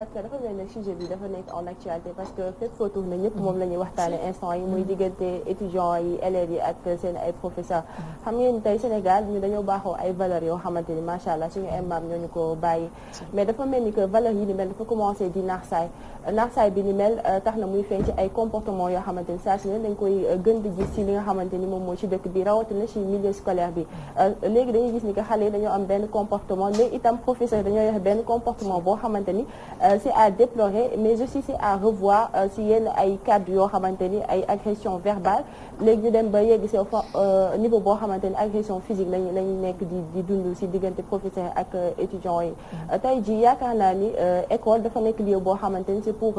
Gracias. sujet bi dafa nekk en actualité parce que fépp foo tourné ñëpp moom la ñuy waxtaane instant yi muy mm-hmm. diggante étudiants yi élèves yi ak seen ay professeurs mm-hmm. xam ngeen ni tey Sénégal ñu dañoo baaxoo ay valeurs yoo xamante ni macha allah suñu ay maam ñooñu ko bàyyi mais dafa mel ni que valeurs yi ni mel dafa commencé di naax saay naax saay bi ni mel euh, tax na muy feeñ ci ay comportement yoo xamante ni saa su ne dañ koy euh, gën di gis ci li nga xamante ni moom mooy ci dëkk bi rawatina ci milieu scolaire bi mm-hmm. euh, léegi dañuy gis ni que xale yi dañoo am benn comportement mais itam professeur dañoo yor benn comportement boo xamante ni c'est à déplorer mais aussi c'est à revoir euh, si yenn yoo xamante ni ay agression verbale léegi ñu dem ba yegg si euh, niveau boo xamante ni agression physique lañu lañu nekk di di dund si diggante professeur ak euh, étudiants yi mm-hmm. tey ji yaakaar naa ni école dafa nekk lieu boo xamante ni c'est pour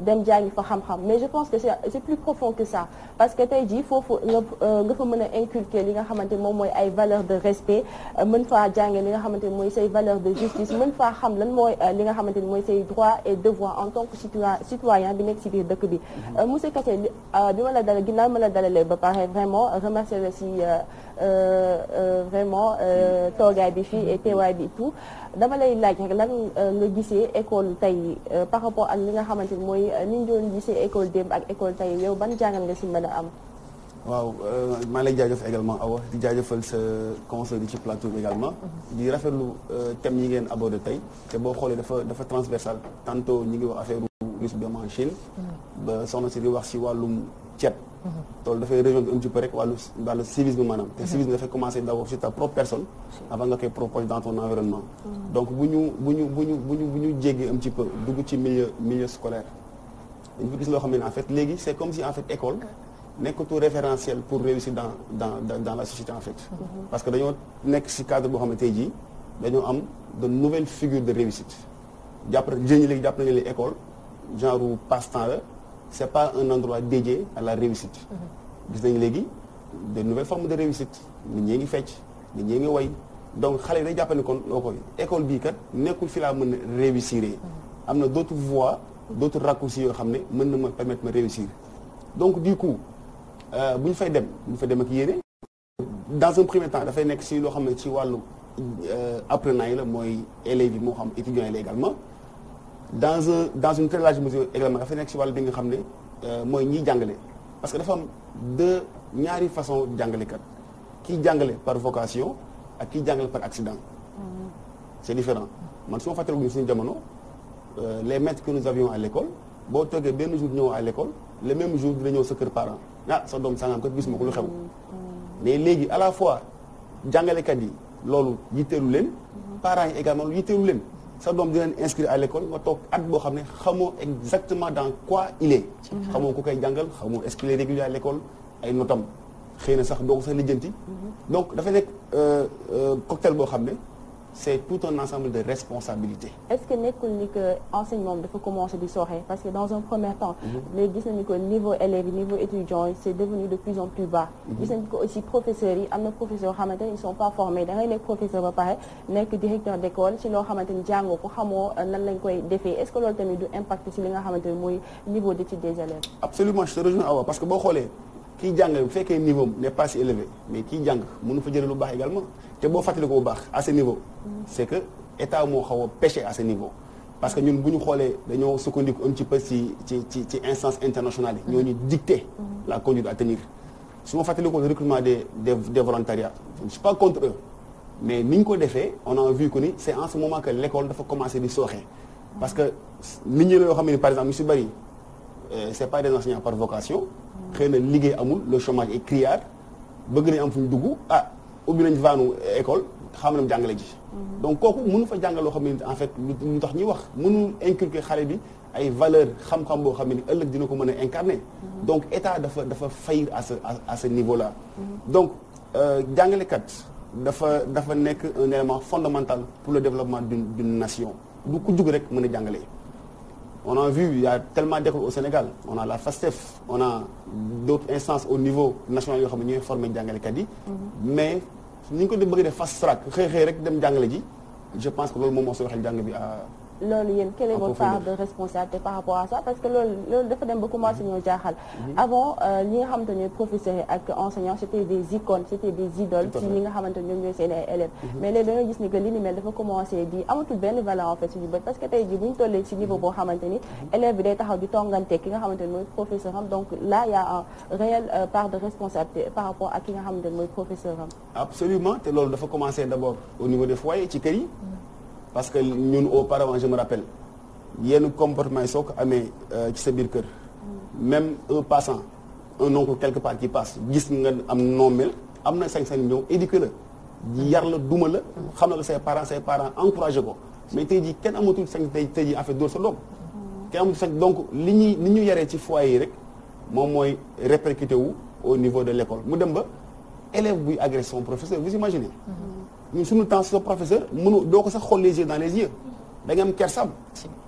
dem jàngi fa xam-xam mais je pense c'est plus profond que ça parce que tey ji foofu nga nga fa mën a inculquer li nga xamante ni moom mooy ay valeur de respect mën faa jànge li nga mooy say valeur de justice mën faa xam lan mooy li nga xamante ni mooy say droit ay devoir en tant que citoyen bi nekk ci biir dëkk bi mhm. euh, monsieur Kassé euh, bi ma la dala ginnaaw ma la dalalee ba pare vraiment remercier la si euh, vraiment toogaay bi fii et teewaay bi tout dama lay laaj rek lan nga gisee école tey par rapport ak li nga xamante ni mooy ni ñu doon gisee école démb ak école tey yow ban jàngal nga si mën a am waaw euh, maa lay jaajëf également aw di jaajëfal sa conseil bi ci plateau bi également. di rafetlu euh, thème yi ngeen abordé tey te boo xoolee dafa dafa transversal tantôt ñi ngi wax affaire russe bi am en Chine. soxna si di wax si wàllum ceeb. loolu dafay rejoindre un petit peu rek wàllu wàllu civisme maanaam te civisme dafay commencer d'abord sur ta propre personne avant nga koy proposer dans ton environnement donc bu ñu bu ñu bu ñu bu ñu ñu jéggee un petit dugg ci milieu milieu scolaire loo xam ne en fait léegi c'est comme si en fait école nekkatu référentiel pour réussir dans dans dans la société en fait. parce que dañoo nekk si cadre boo xam ne tey jii dañoo am de nouvelles figures de réussite. jàpp jigéen ñi léegi jàpp nañu ne école genre passe-temps la c'est pas un endroit dédié à la réussite. gis nañu léegi de nouvelles formes de réussite nit ñee ngi fecc nit ñee ngi way donc xale yi day jàpp ne kon loo koy école bii kat nekku fi laa mën a réussir. am na d'autres voies d'autres raccourcis yoo xam ne mën na ma permettre ma réussir donc du coup. Euh, bu ñu fay dem bu ñu fay dem ak yéene dans un premier temps dafay nekk ci loo xam ne ci wàllu euh, apprenant yi la mooy élèves yi moo xam étudiants yi la dans un dans une très large mesure dafay nekk ci wàllu bi nga xam ne euh, mooy ñiy jàngale parce que dafa am ñaari façon jàngalekat kiy jàngale par vocation ak kiy jàngale par accident mm-hmm. c'est différent man su ma fàttalikuñu suñu jamono les maîtres que nous avions à l'école boo toogee benn jour ñëw à l'école le même jour dina ñëw sa kër parent ah sa doom sangam kat gis ma ko lu xew mais léegi à la fois jàngalekat yi loolu yitteelu leen mhm. parents yi également lu yitteelu leen sa doom dinañ inscrire à l'école nga toog at boo xam ne xamoo exactement dans quoi il est mhm. xamoo ko koy jàngal xamoo est-ce qu'il est régulier à l'école ay notam xëy na sax doo ko sax lijjanti mhm. donc dafa nekk euh, euh, cocktail boo xam ne c'est tout ensemble de responsabilités. est-ce que nekkul ni que enseignement dafa commencer di sooxe parce que dans un premier temps. léegi mm-hmm. gis nañu niveau élèves niveau étudiants c'est devenu de plus en plus bas. Mm-hmm. gis nañu que aussi professeurs yi am na professeurs yoo ils sont pas formés da ngay professeur ba pare nekk directeur d'école ci loo xamante ni ko xamoo nan lañ koy defee est-ce que loolu tamit du impact ci li nga xamante mooy niveau d'études kii jàng bu fekkee niveau n'est pas si élevé mais kii jàng mënu fa jëlee lu baax également te boo fàttali ko bu baax à ce niveau c'est que état moo xaw a pêché à ce niveau parce que ñun bu ñu xoolee dañoo sukkandiku un petit ci ci ci instance internationale yi ñoo ñu dicté la conduite à tenir su ma fàttali ko le recrutement des des volontariats pas contre eux mais ni ñu ko defee on a vu que ni c'est en ce moment que l'école dafa commencer di sooxe parce que nit ñi la yoo xam ne par exemple si bëri euh, c'est pas des enseignants par vocation xëy na liggéey amul le chômage est criard bëgg nañ am fu ñu dugg ah ubbi nañ vaanu école xam na mu jàngale ji. Mhm. donc kooku mënu fa jàngal loo xam ne en fait lu tax ñuy wax mënu inculquer xale bi ay valeur xam-xam boo xam ne ëllëg dina ko mën a incarner. Mhm. donc état dafa dafa faillir à ce à ce niveau là. Mhm. donc euh, jàngalekat dafa dafa nekk un élément fondamental pour le développement d'une d'une nation du ku jug rek mën a jàngale. On a vu, il y a tellement d'écoles au Sénégal. On a la FASTEF, on a d'autres instances au niveau national yoo xam ne ñooy formé jàngalekat yi. Mhm. mais ni ñu ko bëgg def fast track xëy xëy rek dem jàngale ji je pense que loolu moom moo sooxeel jàng bi loolu yéen quel est ah, votre part de responsabilité par rapport à ça parce que loolu loolu dafa dem ba commencé ñoo jaaxal mhm. avant euh, ñi nga xamante ne professeurs yi ak enseignants c'était des icônes c'était des idoles ci ñi nga xamante ñoom ñooy élèves mhm. mais léegi dañoo gis ni que dafa commencé di amatul benn valeur en fait suñu bët parce que tey mhm. ni élève bi day di tongante ki nga xamante ne professeur am donc là il a un réel euh, part de responsabilité par rapport ak ki nga xamante ne mooy professeur am absolument te loolu dafa commencé d'abord au niveau parce que ñun auparavant je me yenn comportement yi soo ko amee euh, ci sa biir kër. même un passant un oncle quelque part qui passe gis nga am nommel am na sañ-sañ ñëw éduquer la yar la duma la xam na la say parents say parents encouragé ko mais tey jii kenn amatul sañ tey tey jii en fait dóor sa doom kenn amatul sañ donc li ñuy li ñu yaree ci foyer yi rek moom mooy répercuté wu au niveau de l'école mu dem ba élève buy agresse son professeur vous imaginez ñun suñu temps sa professeur mënu doo ko sax xool les yeux dans les yeux da nga am kersam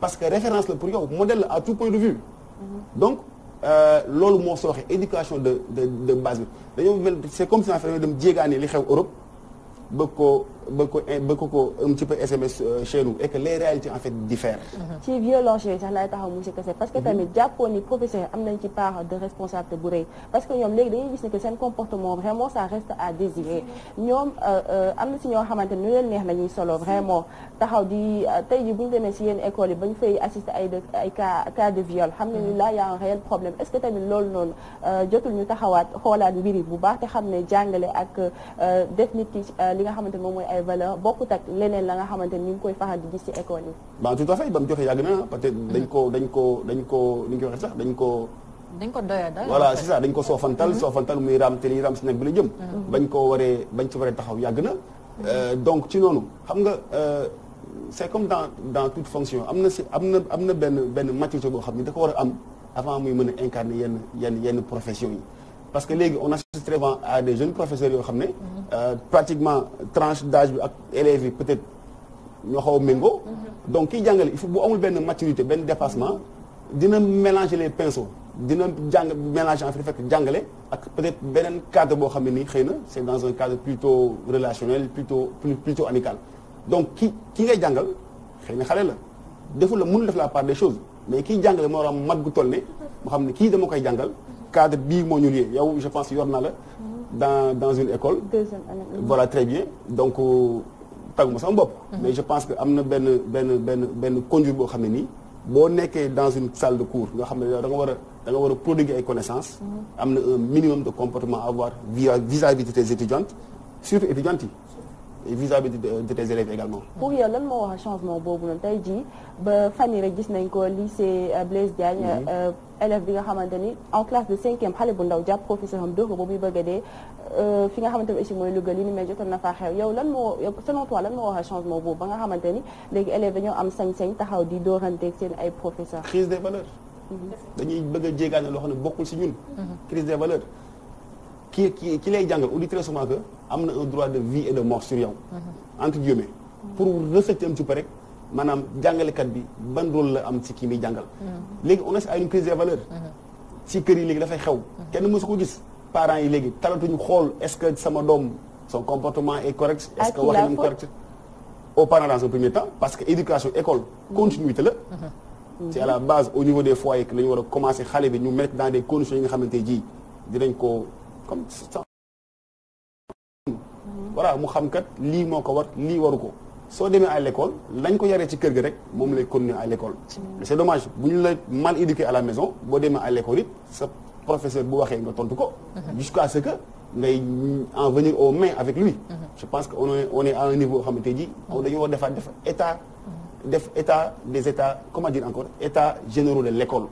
parce que référence la pour yow modèle la à tout point de vue mm-hmm. donc euh, loolu moo sooxe éducation de de de base bi dañoo mel c'est comme si naa fa dem jéegaane li xew Europe bëgg ko ba ko eh, ba ko SMS euh, chez nous et que en fait diffèrent. Mhm. ci violence sax laay taxaw monsieur Kese parce que mhm. tamit jàppoon professeur am nañ ci part de responsabilité bu rëy parce que ñoom léegi dañuy gis comportement vraiment ça reste à désirer ñoom euh, euh, am na si ñoo xamante ni ñu neex nañuy solo vraiment taxaw di tey bu ñu demee cas de viol xam nañu mhm. là un réel problème est-ce que tamit loolu noonu jotul ñu taxawaat xoolaat mbir bu baax te xam ne jàngale ak def ay valeur bokkut ak leneen la nga xamante ni ñu ngi koy faral di gis ci école yi. ba mu yàgg na peut-être dañ ko dañ ko dañ ko ni sax dañ ko dañ ko doyoo doyoo voilà c'est ça dañ ko soofantal mm-hmm. soofantal muy raam te li raam si nag bi la jëm. Mm-hmm. bañ koo waree bañ ci waree taxaw yàgg na. Mm-hmm. Euh, donc ci noonu xam nga euh, c'est comme dans dans toute fonction am na si am na am na benn benn maturité boo xam ni da ko war a am avant muy mën a incarner yenn yenn yenn profession yi. parce que léegi on assiste très souvent à des jeunes ne euh, pratiquement tranche dage bi ak élèves yi peut-être ñoo xaw méngoo mhm. donc kiy jàngale il faut bu amul benn maturité benn dépassement dina mélanger les pinceaux dina jàng mélanger en fait fekk jàngale ak peut-être beneen cadre boo xam ne nii xëy na c'est dans un cadre plutôt relationnel plutôt plutôt amical donc ki ki ngay jàngal xëy na xale la deful la mënul def la part des choses mais kiy jàngale moo war a mat gu toll ne mu xam ne kii dama koy jàngal cadre bii moo ñu lié yow je pense yor na la. Mm-hmm. dans dans une école. deuxième année mm-hmm. voilà très bien donc euh, tàgguma sama bopp. Mm-hmm. mais je pense que am na benn benn benn benn conduite boo xam ne nii boo nekkee dans une salle de cours nga xam ne yow da nga a war a prodiguer ay connaissances. am na un minimum de comportement à avoir vis-à-vis de tes étudiantes surtout étudiantes yi. vis-à-vis de tes élèves également. pour yow lan moo wax changement boobu noonu tey jii ba fan yii rek gis nañ ko lycée euh, Blaise Diagne. Mhm. Euh, élève bi nga xamante ni en classe de cinquième xale bu ndaw jàpp professeur am dóor ko ba muy bëgg a dee euh, fi nga xamante ni aussi mooy Louga li ni mel jotoon na faa xew yow lan moo selon toi lan moo wax changement boobu ba nga xamante ni léegi élèves dañoo am sañ-sañ taxaw di dóoranteeg seen ay professeurs. crise des valeurs. Mhm. dañuy bëgg a jéegaane loo xam ne bokkul si ñun. Mhm. crise des valeurs. ki ki ki lay jàngal on dit très souvent que am na un droit de vie et de mort sur yow. Mhm. entre guillemets pour recette am ci pare rek maanaam jàngalekat bi ban rôle la am ci kii jàngal. Mhm. léegi on est une crise des valeurs. Mhm. ci kër yi léegi dafay xew. kenn mësu ko gis parents yi léegi talatuñu xool est-ce que sama doom son comportement est correct. est-ce ah, que wax correct aux parents dans un premier temps parce que éducation école continuité la. c'est à la base au a commencer comme ça voilà mu xam kat lii moo ko war lii waru ko soo demee à l'école lañ ko yaree ci kër gi rek moom lay continuer à l'école c'est dommage bu ñu la mal éduqué à la maison boo demee à l'école it sa professeur bu waxee nga tontu ko mhm. jusqu'à ce que ngay en venir au mais avec lui mhm. je pense que on est on est à un niveau xamante ji mhm. dañoo war defaat def état def état des états comment dire encore état généraux de l'école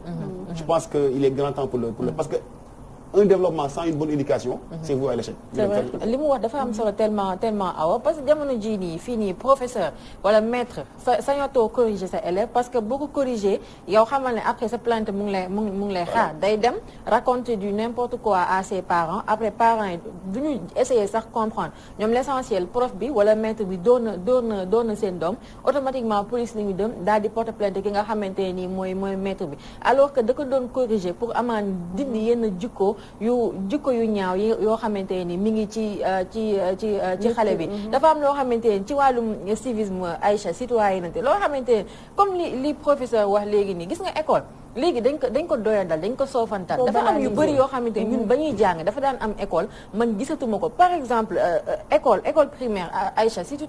je pense que il est grand temps pour le pour un développement sans une bonne éducation. Mhm. c'est voué à l'échec. c'est vrai li mu wax dafa am solo tellement tellement awa parce que jamono jii nii fii nii professeur wala maître sa sañatoo corriger sa élève parce que boo ko corriger yow xamal ne après sa plainte mu ngi lay ngi mu ngi lay xaar day dem raconter du n'importe quoi à ses parents après parents yi du ñu essayer sax comprendre ñoom l'essentiel prof bi wala maître bi doon na doon na doon na seen doom automatiquement police li dem daal di porter plainte ki nga mooy mooy maître bi alors que pour amaan dindi yu jikko yu ñaaw yi yoo xamante ni mi ngi ci euh, ci euh, ci euh, ci xale bi dafa am mhm. loo xamante ni ci wàllum civisme Aïcha citoyenneté loo xamante ni comme li li professeur wax léegi nii gis nga école léegi dañ ko dañ ko doyandal dañ ko soofantal dafa am yu bëri yoo xamante ñun mm-hmm. ba ñuy jàng dafa daan am école man gisatuma ko par exemple euh, euh, école école primaire euh, Aïcha si tu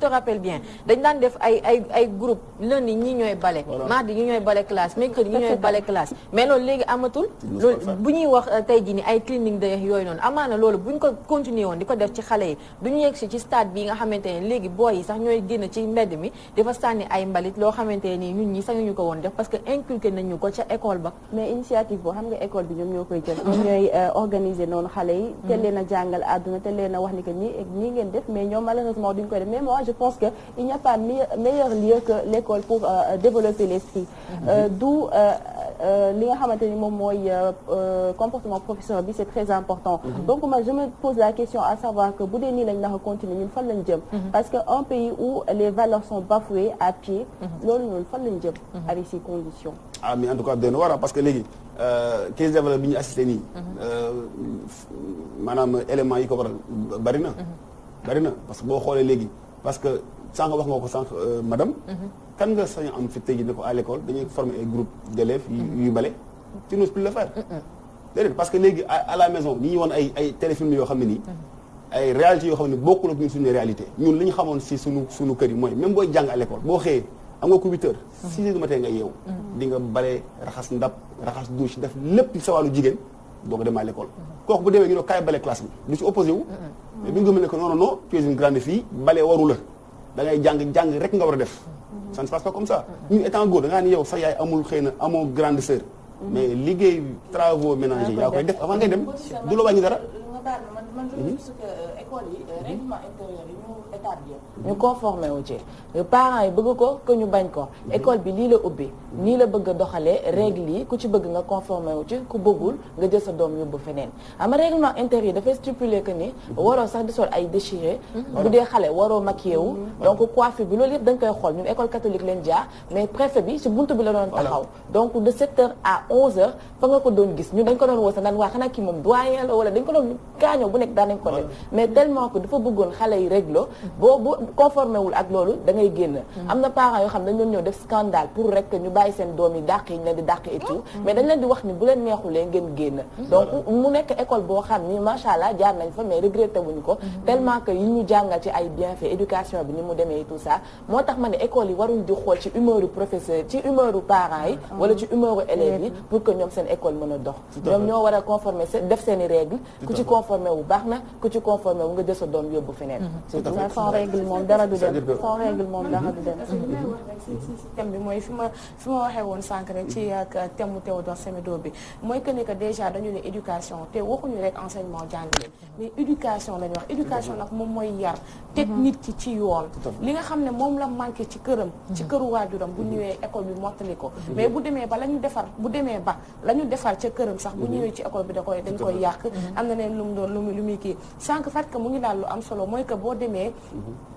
bien dañ daan def ay ay ay groupe lundi ñi ñi ñooy bale classe mercredi mais loolu léegi amatul loolu ñuy wax tey jii ni ay cleaning day yooyu noonu amaana loolu buñ ko continuer woon di ko def ci xale yi duñu yegg si ci stade bi nga xamante ne léegi boy yi sax ñooy génn ci mbedd mi dafa sànni ay mbalit loo xamante nii ñun ñi sañuñu ko woon def parce que inculqué nañu ko ca école école ba initiative boo xam nga école bi ñoom ñoo koy jël euh, organiser noonu xale yi mm-hmm. a jàngal àdduna teel leen a wax ni que nii ak def mais ñoom malheureusement duñ koy def moi je pense que il n'y a pas meilleur lieu que l'école pour euh, développer l'esprit mm-hmm. euh, du Euh, li nga xamante ni moom mooy euh, euh, comportement professionnel bi c'est très important mhm. donc man je me pose la question à savoir que bu dee nii lañ naka continuer ñun fan lañ jëm mhm. parce que un pays où les valeurs sont bafouées à pied mhm. loolu noonu fan lañ jëm avec ces conditions ah mais en tout cas doy na waar parce que léegi crise de valeur bi ñu assisté nii maanaam éléments yi ko waral bari na bari na parce que boo xoolee léegi parce que sànq wax nga ko sànq euh, madame. Mm-hmm. kan nga sañ am fi tey jii ko à l'école dañuy former ay groupe d'élèves yu mm-hmm. bale tu n'oses plus le faire. déedéet parce que léegi à la maison ñu ngi woon ay ay yoo xam ne nii. Mm-hmm. ay réalités yoo xam ne bokkul ak ñun suñu réalité ñun li ñu xamoon si suñu suñu kër yi mooy même booy jàng à l'école boo xëyee am nga ko huit heures. six heures du matin nga yeewu. di nga bale raxas ndab raxas douche def lépp ci jigéen. doog a dem à l'école kooku bu demee ñu ne kaay bale classe bi du ci opposé wu mais bi ñu gëmee ne que non non non tu es une grande fille bale waru la da ngay jàng jàng rek nga war a def ça ne se passe pas comme ça yow sax yaay amul xëy na amoo grande sœur mais liggéey travaux ménagers yaa koy def avant ngay dem du la wàññi dara ñu conformé wu ci parents yi bëgg ko que ñu bañ ko mhm. école bi lii la ubbi nii la bëgg a doxalee mhm. règle yi ku ci bëgg nga conformé wu ci ku bëggul nga jël sa doom yóbbu feneen ama règlement intérieur dafay stipuler que ni mhm. waroo sax di sol ay déchiré bu dee xale waroo maquillé wu donc coiffure bi loolu yëpp dañ koy xool ñun école catholique leen jaar mais préfet bi si buntu bi la doon taxaw donc de 7 à 11 heures fa nga ko doon gis ñun dañ ko doon boo bu conformé wul ak loolu da ngay génn mm. am na parents yoo xam ne ñoom ñoo def scandale pour rek ñu bàyyi seen doom yi dàq yi ñu leen di dàq et tout mm. mais dañ leen di wax ni bu leen neexulee ngeen génn mm. donc mu nekk école boo xam ni macha allah jaar nañ fa mais regretté wuñ ko tellement que yi ñu jàngal ci ay bienfait éducation bi ni mu demee et tout ça moo tax ma ne école yi waruñ di xool ci humeuru professeur ci humeuru parents yi ah, ah. wala ci humeuru élèves yi pour que ñoom seen école mën a dox ñoom ñoo war a conformer def seen i règle ku ci conformé wu baax na ku ci conformé wu nga jël sa doom yóbbu feneen mm-hmm. sans règle moom dara du moom dara mhm. bi mooy fi ma fi waxee woon sànq ci ak thème mu Théodore Semedo bi mooy que ni que déjà dañu ne éducation te waxuñu rek enseignement jàngale mais éducation la ñuy wax éducation moom mooy yar teg mhm. nit ki ci yoon li nga xam ne moom la manqué ci këram ci mhm. këru waajuram bu ñëwee école bi mottali mais bu demee ba la ñu defar bu demee ba la ñu defar ca këram sax bu ñëwee ci école bi da koy dañ koy yàq am na neen lu mu doon muy kii sànq fat que mu ngi daal lu am solo mooy que boo demee -hmm.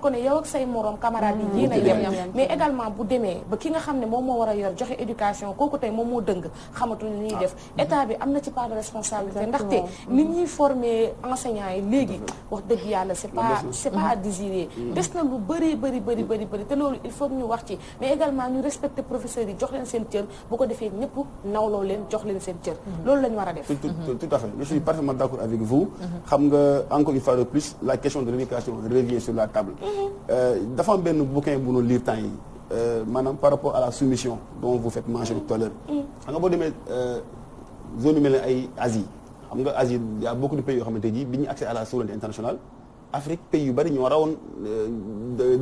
kon ne yow ak say morom camarade yi mm. yéen yem mais également bu demee ba ki nga xam ne moom moo war a yor joxe éducation kooku tey moom moo dëng xamatuñu ñuy ah. def état mm. ñuy former enseignants yi léegi wax dëgg yàlla c'est pas c'est pas à désirer mm. des na lu bëri bëri bëri bëri bëri te loolu il faut ñu wax ci mais également ñu respecter professeurs yi jox leen seen cër bu ko defee ñëpp nawloo leen jox leen seen cër loolu la war a def tout à fait je suis parfaitement Euh, dafa am benn bouquin bu nu lire temps yi euh, maanaam par rapport à la soumission dont vous faites mention tout à l'heure mm. xam nga boo demee euh, zone yu mel ne ay asi xam nga Asie y a beaucoup de pays yoo xamante ji bi ñu accès à la souveraineté internationale Afrique pays yu bari ñoo rawoon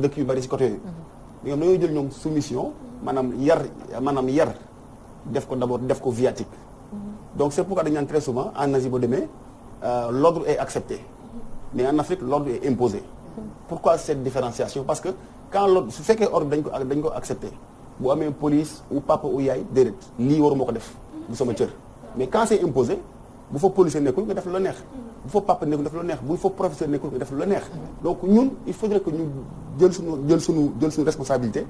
dëkk yu bari ci côté yooyu mm-hmm. ñoom dañoo jël ñoom soumission maanaam yar maanaam yar def ko d'abord def ko viatique mm-hmm. donc c'est pourquoi dañu naan très souvent en Asie boo demee l'ordre est accepté mm-hmm. mais en Afrique l'ordre imposé pourquoi cette différenciation parce que quand l'ordre su fekkee ordre dañ ko dañ ko accepté bu amee police ou papa ou yaay déedéet lii waruma ko def bu sama cër mais quand c'est imposé bu fa policier nekkul nga def lu neex bu fa papa nekkul nga def la neex bu fa professeur nekkul nga def lu la neex donc ñun il faudrait que ñu jël suñu jël suñu jël suñu responsabilité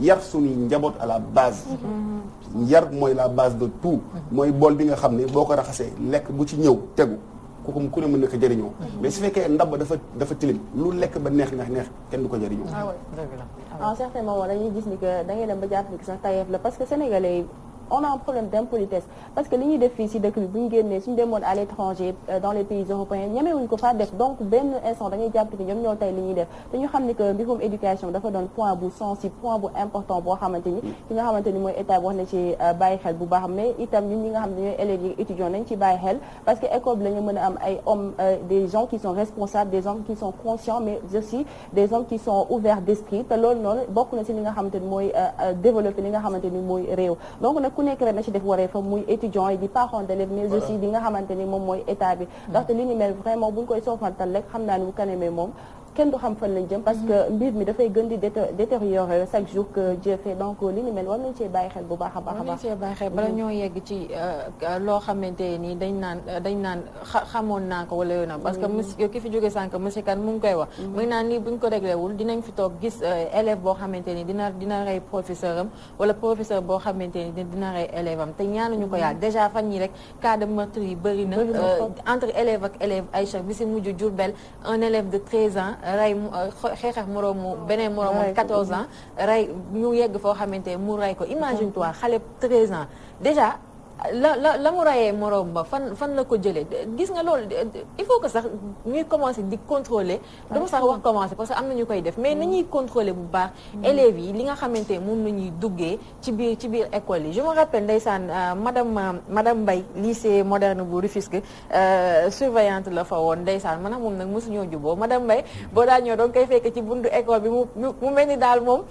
yar suñuy njaboot à la base yar mooy la base de tout mooy bool bi nga xam ne boo ko raxasee lekk bu ci ñëw tegu kooku ku ne mën na mais su fekkee ndab dafa tilim lu lekk ba neex neex neex kenn du ko jëriñoo ah en certain moment dañuy gis ni que da ngay ba jàpp ni que sax tayeef la parce que sénégalais on a un problème d'impolitesse parce que li ñuy fii si dëkk bi bu ñu génnee suñu demoon à l'étranger euh, dans les pays européens ñemewuñ ko faa def donc benn instant dañuy jàpp que ñoom ñoo tey li ñuy def te ñu point bu sensible point bu important boo xamante ni nga xamante ni mooy état bi ci euh, bàyyi xel bu baax itam ñun nga xam ne ñooy élèves yi étudiants ci bàyyi xel parce que école bi la ñu mën a am ay hommes euh, des gens qui sont responsables des hommes qui sont conscients bokk na si li nga xamante ni mooy développer li nga xamante ni mooy réew donc ku nekk rek na ci def wareefam muy étudiant yi di parents d'élèves mais aussi di nga xamante ni moom mooy état bi hmm. ndaxte li ni mel vraiment buñ koy soofantal rek xam naa ni bu kanamee moom kenn du xam fan lañ jëm parce que mm-hmm. mbir mi dafay gën di détériorer chaque jour que Dieu fait donc li ni mel war nañ cee bàyyi xel bu baax a baax a baax war nañ cee bàyyi xel bala mm-hmm. ñoo yegg ci euh, loo xamante nii dañ naan dañ naan xamoon naa ko wala yoonam parce que mm-hmm. monsieur ki fi jóge sànq monsieur Kane mu ngi koy wax mu ngi naan lii buñ ko réglé dinañ fi toog gis euh, élève boo xamante ni dina dina rey professeur am wala professeur boo xamante ni dina rey élève am te ñu ko yàlla déjà fan ñi rek cas de meurtre yi bëri na euh, entre élève ak élève Aïcha bi si mujj Diourbel un élève de 13 rey euh, xeexax moroomu beneen moroomu 14 ans rey ñu yegg foo xamante mu rey ko imagine toi xale 13 ans déjà la la la mu rayee moroom ba fan fan la ko jëlee gis nga loolu il faut que sax ñuy commencer di contrôler dama sax wax commencer parce am na ñu koy def mais mm. nañuy contrôler bu baax mm. élèves yi li nga xamante moom la ñuy duggee ci biir ci biir école yi je me rappelle ndeysaan euh, madame euh, madame Mbaye lycée euh, juboo madame Mbaye mm. boo daa ñëw danga koy fekk ci buntu école bi mu mu mel ni daal moom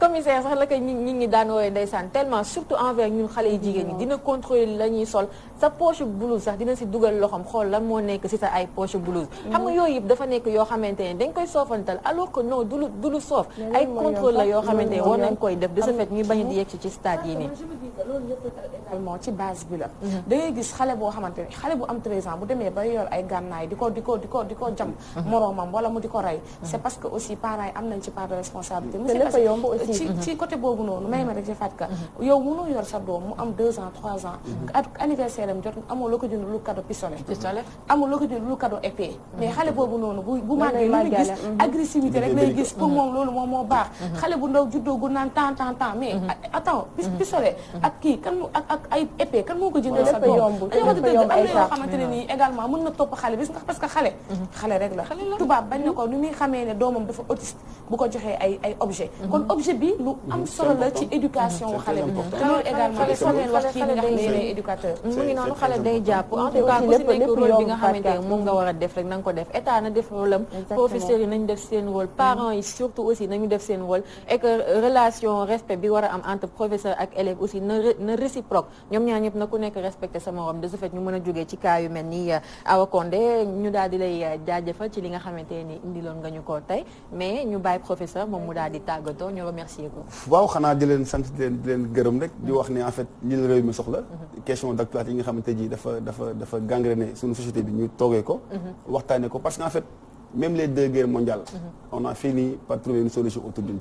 commissaire sax la koy ñi ñi daan woowee ndeysaan tellement surtout envers ñun xale yi jigéen ñi dina contrôle la ñuy sol sa poche blouse sax dina si dugal loxoom xool lan moo nekk si sa ay poche blouse xam nga mm. yooyu yëpp dafa nekk yoo xamante ne dañ koy soofantal alors que non du lu du lu soof ay contrôle yoo xamante ne war nañ koy def de ce fait ñuy bañ di yegg ci stade yi nii accompagnement ci base bi la mhm. da ngay gis xale boo xamante xale bu am 13 ans bu demee ba yor ay gànnaay di ko di ko di ko jam mhm. moroomam wala mu di ko rey mhm. c'est parce que aussi parents yi am nañ ci part de responsabilité boobu noonu may ma rek ci fàtka yow mënoo yor sa doom mu am 2 jot amoo loo ko jënd lu cadeau pistolet amoo loo ko jënd lu cadeau épée mais xale boobu noonu bu bu màggee lu rek lay gis pour moom loolu moom moo baax xale bu ndaw juddoo ay épée kan moo ko jëndal sa doom dañoo ko dëgg nii xale bis nga parce que xale mhm. xale rek la tubaab bañ muy xamee ne doomam dafa autiste bu ko ay ay objet mhm. kon objet bi lu mhm. am solo la ci éducation wu xale bi te loolu également il faut ngeen wax ci nga xam moom nga war a def rek na nga ko def état na def rôle am yi nañu def seen rôle parents yi surtout aussi nañu def seen rôle et relation respect bi war a am entre professeur ak élève aussi na na réciproque ñoom ñaar ñëpp na ku nekk respecté sa morom de ce ñu mën a jógee ci cas mel ni euh, Awa Condé ñu daal lay euh, jaajëfal ci li nga xamante ni indiloon nga ñu ko tey mais ñu bàyyi professeur moom mu daal di tàggatoo ñu remercier ko. waaw xanaa di leen sant di leen gërëm rek di wax ne en fait ñi la réew mi soxla. Mhm. question d'actualité yi nga xamante ji dafa dafa dafa gangréné suñu société bi ñu toogee ko. Mhm. waxtaanee ko parce que en même les deux guerres mondiales. Mhm. on a fini par trouver une solution bu ñu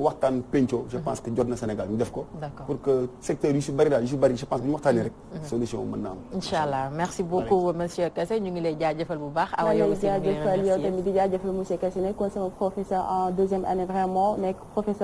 waxtaanee rek. Mhm. Mhm. merci beaucoup monsieur Kassé ñu ngi lay jaajëfal bu baax. awa yow aussi ñu ngi lay jaajëfal yow sama professeur deuxième année vraiment nekk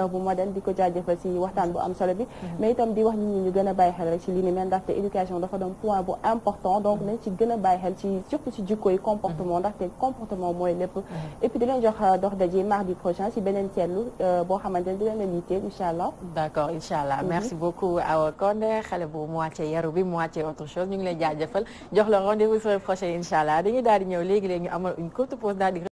bu modèle di ko jaajëfal si waxtaan bu am solo bi. mais itam di wax nit ñi ñu gën a xel rek si li ni mel ndaxte éducation dafa doon point bu important donc nañ ci gën a xel ci surtout ci jikko yi comportement ndaxte comportement moom mooy lépp mm-hmm. et puis di leen jox euh, dox daje mardi prochain si beneen seetlu euh, boo xamante ne dina leen yitteel incha allah d'accord incha allah mm-hmm. merci beaucoup Awa Konde xale bu moitié yaru bi moitié autre chose ñu ngi leen jaajëfal jox la rendez-vous semaine prochaine incha allah dañuy daal di ñëw léegi-léegi ñu amal une courte pause daal di